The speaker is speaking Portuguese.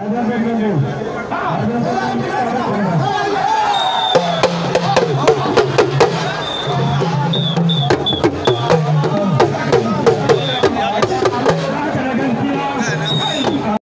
Cadê o vermelho? Ah!